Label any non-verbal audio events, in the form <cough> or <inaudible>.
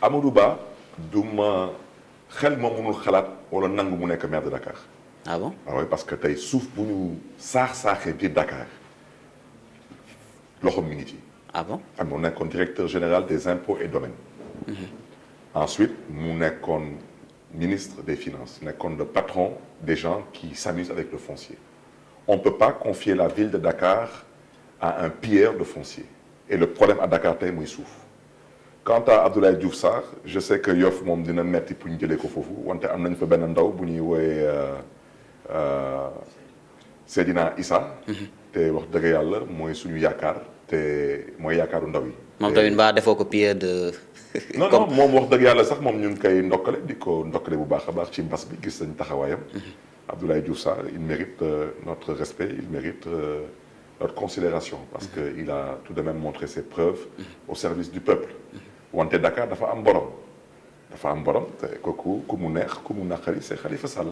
Amadou Ba je xel ma mënul xalat wala nangu mu nek maire de Dakar. ah bon ah oui parce que tu suuf bu ñu saax saaxee biir Dakar loxoom mi ngi ah bon xam nga comme directeur général des impôts et domaines. Ensuite, -hmm. ensuite mu ministre des finances comme le patron des gens qui s'amusent avec le foncier. on ne peut pas confier la ville de Dakar à un pilleur de foncier et le problème à Dakar c'est qu'il souffre quant à Abdoulaye Diouf Sar, je sais que Yoff moom dina metti pour ñu jëlee ko foofu wante am nañ fa benn ndaw bu ñuy wooyee euh, euh, Seydina Issa. Mm-hmm. te wax dëgg yàlla mooy suñu yaakaar te mooy yaakaaru ndaw yi. moom tamit mbaa defoo ko pied de. <laughs> non non moom wax dëgg yàlla sax moom ñu ngi koy ndokkale di ko ndokkale bu baax a baax ci mbas bi gis nañ taxawaayam. Mm-hmm. Abdoulaye Diouf Sar, il mérite euh, notre respect il mérite notre considération parce mm-hmm. que il a tout de même montré ses preuves au service du peuple. wante Dakar dafa am borom dafa am borom te kooku ku mu neex ku mu naqari c'est Khalifa Sall.